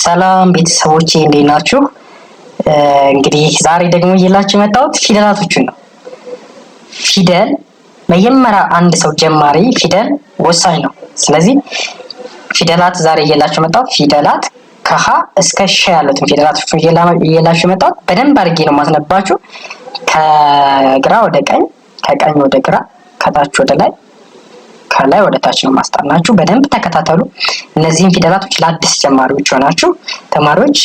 ሰላም ቤተሰቦቼ እንዴት ናችሁ? እንግዲህ ዛሬ ደግሞ እየላችሁ የመጣሁት ፊደላቶችን ነው። ፊደል መጀመሪያ አንድ ሰው ጀማሪ ፊደል ወሳኝ ነው። ስለዚህ ፊደላት ዛሬ እየላችሁ የመጣሁት ፊደላት ከሀ እስከ ሸ ያሉትን ፊደላቶች እየላችሁ መጣሁት። በደንብ አድርጌ ነው ማስነባችሁ። ከግራ ወደ ቀኝ፣ ከቀኝ ወደ ግራ፣ ከታች ወደ ላይ ከላይ ወደ ታች ነው ማስጠናችሁ። በደንብ ተከታተሉ። እነዚህን ፊደላቶች ለአዲስ ጀማሪዎች ሆናችሁ ተማሪዎች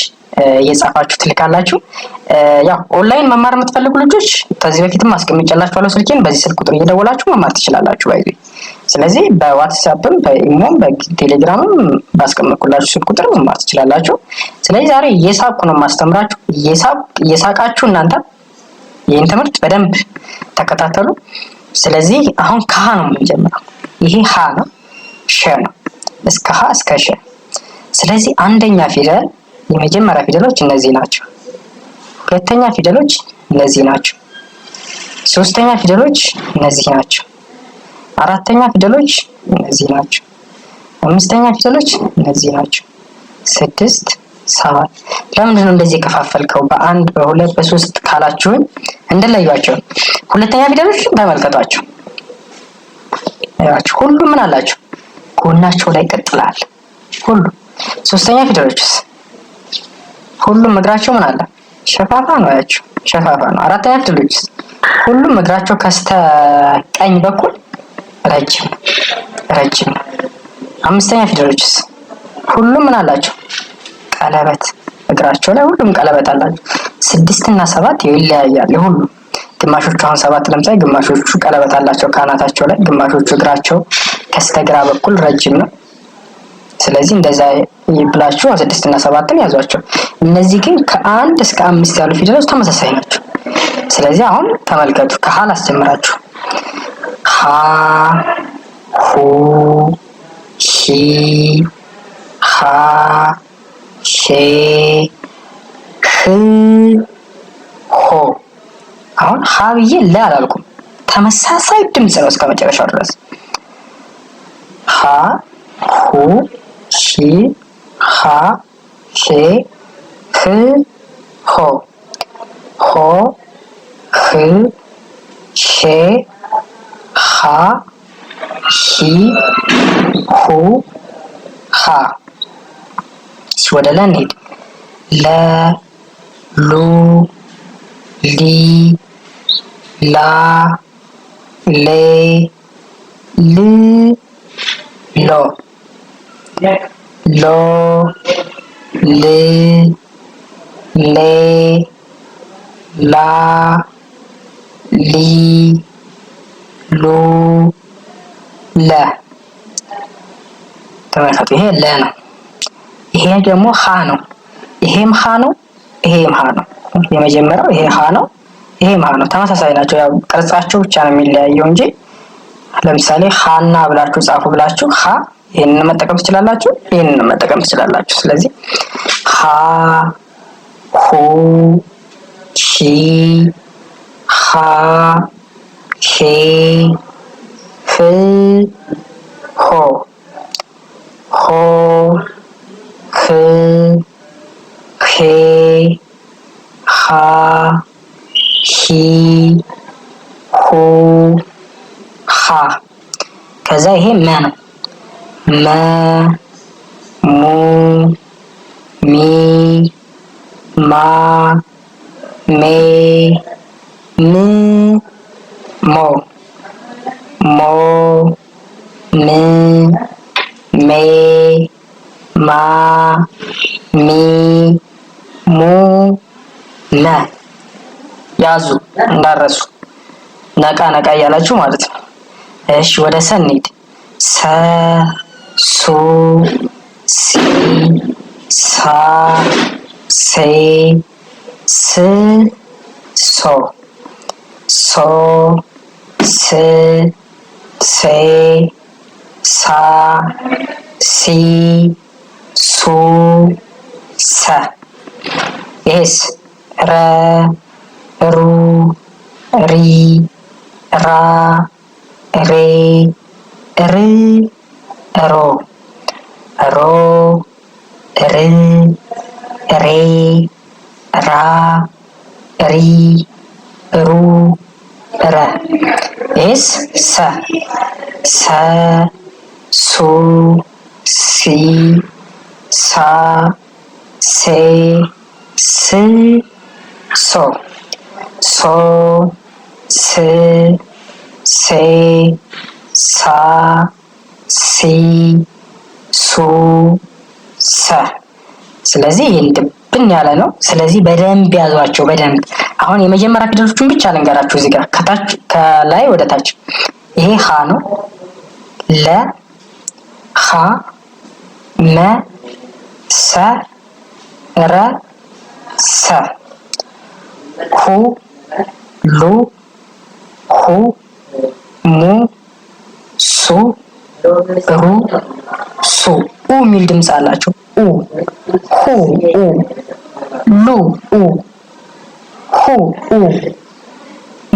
እየጻፋችሁ ትልካላችሁ። ያው ኦንላይን መማር የምትፈልጉ ልጆች ከዚህ በፊትም አስቀምጬላችኋለሁ ስልኬን። በዚህ ስልክ ቁጥር እየደወላችሁ መማር ትችላላችሁ። ባይ ስለዚህ በዋትስአፕም በኢሞም በቴሌግራምም ባስቀመጥኩላችሁ ስልክ ቁጥር መማር ትችላላችሁ። ስለዚህ ዛሬ እየሳቁ ነው ማስተምራችሁ። እየሳቃችሁ እናንተ ይህን ትምህርት በደንብ ተከታተሉ። ስለዚህ አሁን ከሀ ነው የምንጀምረው። ይሄ ሀ ነው፣ ሸ ነው። እስከ ሀ እስከ ሸ። ስለዚህ አንደኛ ፊደል የመጀመሪያ ፊደሎች እነዚህ ናቸው። ሁለተኛ ፊደሎች እነዚህ ናቸው። ሶስተኛ ፊደሎች እነዚህ ናቸው። አራተኛ ፊደሎች እነዚህ ናቸው። አምስተኛ ፊደሎች እነዚህ ናቸው። ስድስት፣ ሰባት። ለምንድን ነው እንደዚህ የከፋፈልከው? በአንድ በሁለት በሶስት ካላችሁን እንደለያቸው። ሁለተኛ ፊደሎች ተመልከቷቸው። ያችሁ ሁሉም ምን አላቸው? ጎናቸው ላይ ቀጥላል። ሁሉ ሶስተኛ ፊደሎችስ ሁሉም እግራቸው ምን አለ ሸፋፋ ነው። ያችሁ ሸፋፋ ነው። አራተኛ ፊደሎችስ ሁሉም እግራቸው ከስተ ቀኝ በኩል ረጅም ረጅም አምስተኛ ፊደሎችስ ሁሉም ምን አላቸው ቀለበት እግራቸው ላይ ሁሉም ቀለበት አላቸው። ስድስት እና ሰባት ይለያያል የሁሉም ግማሾቹ አሁን ሰባት ለምሳሌ ግማሾቹ ቀለበት አላቸው ከአናታቸው ላይ፣ ግማሾቹ እግራቸው ከስተግራ በኩል ረጅም ነው። ስለዚህ እንደዛ ብላችሁ ስድስት ና ሰባትን ያዟቸው። እነዚህ ግን ከአንድ እስከ አምስት ያሉ ፊደሎች ተመሳሳይ ናቸው። ስለዚህ አሁን ተመልከቱ። ከሀል አስጀምራችሁ ሀ፣ ሁ፣ ሂ፣ ሀ ሄ፣ ህ፣ ሆ አሁን ሀ ለ አላልኩም። ተመሳሳይ ድምፅ ነው እስከ መጨረሻው ድረስ ሀ ሁ ሂ ሃ ሄ ህ ሆ ሆ ህ ሄ ሃ ሂ ሁ ሃ። ወደ ለ እንሄድ ለ ሉ ሊ ላ ሌ ል ሎ ሎ ል ሌ ላ ሊ ሉ ለ ተመልከቱ። ይሄ ለ ነው። ይሄ ደግሞ ሀ ነው። ይሄም ሀ ነው። ይሄም ሀ ነው። የመጀመሪያው ይሄ ሀ ነው። ይሄ ማለት ነው። ተመሳሳይ ናቸው። ያው ቅርጻቸው ብቻ ነው የሚለያየው እንጂ ለምሳሌ ሀና ብላችሁ ጻፉ ብላችሁ ሀ ይህንን መጠቀም ትችላላችሁ፣ ይህንን መጠቀም ትችላላችሁ። ስለዚህ ሀ ሁ ሂ ሃ ሄ ህ ሆ ሆ ሀ ከዛ ይሄ መ ነው። መ ሙ ሚ ማ ሜ ም ሞ ሞ ም ሜ ማ ሚ ሙ መ ያዙ እንዳረሱ ነቃ ነቃ እያላችሁ ማለት ነው። እሺ ወደ ሰ ሰ ሱ ሲ ሳ ሴ ስ ሶ ሶ ስ ሴ ሳ ሲ ሱ ሰ ኤስ ረ ሩ ሪ ራ ሬ ር ሮ ሮ ር ሬ ራ ሪ ሩ ረ ኤስ ሰ ሰ ሱ ሲ ሳ ሴ ስ ሶ ሶ ስ ሴ ሳ ሲ ሱ ሰ። ስለዚህ ይህ ድብን ያለ ነው። ስለዚህ በደንብ ያዟቸው በደንብ አሁን የመጀመሪያ ፊደሎቹን ብቻ ልንገራችሁ። እዚህ ጋር ከታች ከላይ ወደ ታች ይሄ ሀ ነው። ለ ሀ መ ሰ ረ ሰ ሁ ሉ ሁ ሙ ሱ ሩ ሱ ኡ የሚል ድምፅ አላቸው። ኡ ሁ ኡ ሉ ኡ ሁ ኡ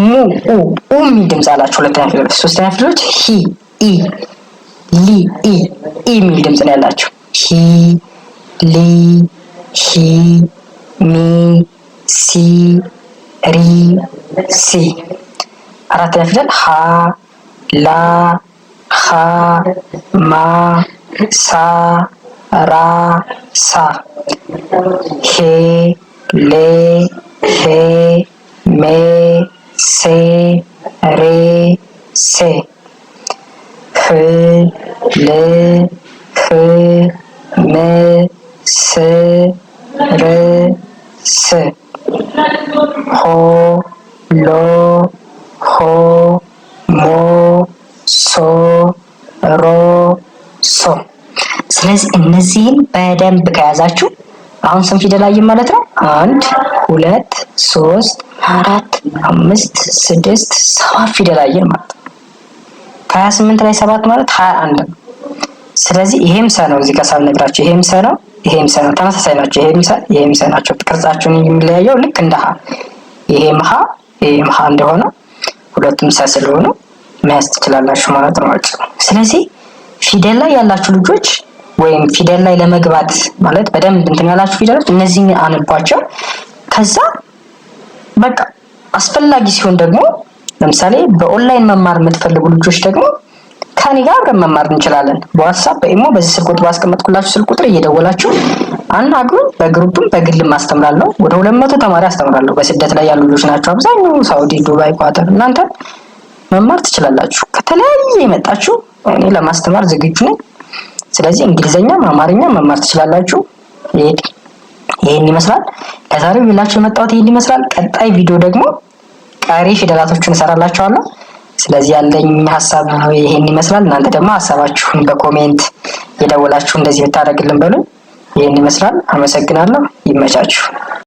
ሙ ኡ ኡ የሚል ድምፅ አላቸው። ሁለተኛ ፊደሎች። ሶስተኛ ፊደሎች ሂ ኢ ሊ ኢ ኢ የሚል ድምፅ ነው ያላቸው። ሂ ሊ ሂ ሚ ሲ ሪ ሲ አራተኛ ፊደል ሀ ላ ሀ ማ ሳ ራ ሳ ሄ ሌ ሄ ሜ ሴ ሬ ሴ ህ ል ህ ም ስ ር ስ ሆ ሎ ሆ ሞ ሶ ሮ ሶ። ስለዚህ እነዚህን በደንብ ከያዛችሁ አሁን ስም ፊደል አየን ማለት ነው? አንድ ሁለት ሶስት አራት አምስት ስድስት ሰባት ፊደል አየን ማለት ነው። ከሀያ ስምንት ላይ ሰባት ማለት ሀያ አንድ ነው። ስለዚህ ይሄም ሰ ነው። እዚህ ጋር ሳልነግራችሁ ይሄም ሰ ነው፣ ይሄም ሰ ነው። ተመሳሳይ ናቸው። ይሄም ሰ ይሄም ሰ ናቸው። ቅርጻቸውን የሚለያየው ልክ እንደ ሀ ይሄም ሀ ይሄም ሀ እንደሆነ ሁለቱም ሳ ስለሆኑ መያዝ ትችላላችሁ ማለት ነው። ስለዚህ ፊደል ላይ ያላችሁ ልጆች ወይም ፊደል ላይ ለመግባት ማለት በደንብ እንትን ያላችሁ ፊደሎች እነዚህን አንባቸው። ከዛ በቃ አስፈላጊ ሲሆን ደግሞ ለምሳሌ በኦንላይን መማር የምትፈልጉ ልጆች ደግሞ ከኔ ጋር አብረን መማር እንችላለን። በዋትሳፕ በኢሞ በዚህ ስልክ ቁጥር ባስቀመጥኩላችሁ ስልክ ቁጥር እየደወላችሁ አናግሩኝ። በግሩፕም በግልም አስተምራለሁ። ወደ ሁለት መቶ ተማሪ አስተምራለሁ። በስደት ላይ ያሉ ልጆች ናቸው አብዛኛው፣ ሳውዲ፣ ዱባይ፣ ኳተር። እናንተ መማር ትችላላችሁ። ከተለያየ የመጣችሁ እኔ ለማስተማር ዝግጁ ነኝ። ስለዚህ እንግሊዘኛም አማርኛ መማር ትችላላችሁ። ይሄን ይመስላል ለዛሬው ይላችሁ የመጣሁት ይህን ይመስላል። ቀጣይ ቪዲዮ ደግሞ ቀሪ ፊደላቶችን እሰራላችኋለሁ። ስለዚህ ያለኝ ሀሳብ ይሄን ይመስላል። እናንተ ደግሞ ሀሳባችሁን በኮሜንት የደወላችሁ እንደዚህ ብታደርግልን በሉ። ይህን ይመስላል። አመሰግናለሁ። ይመቻችሁ።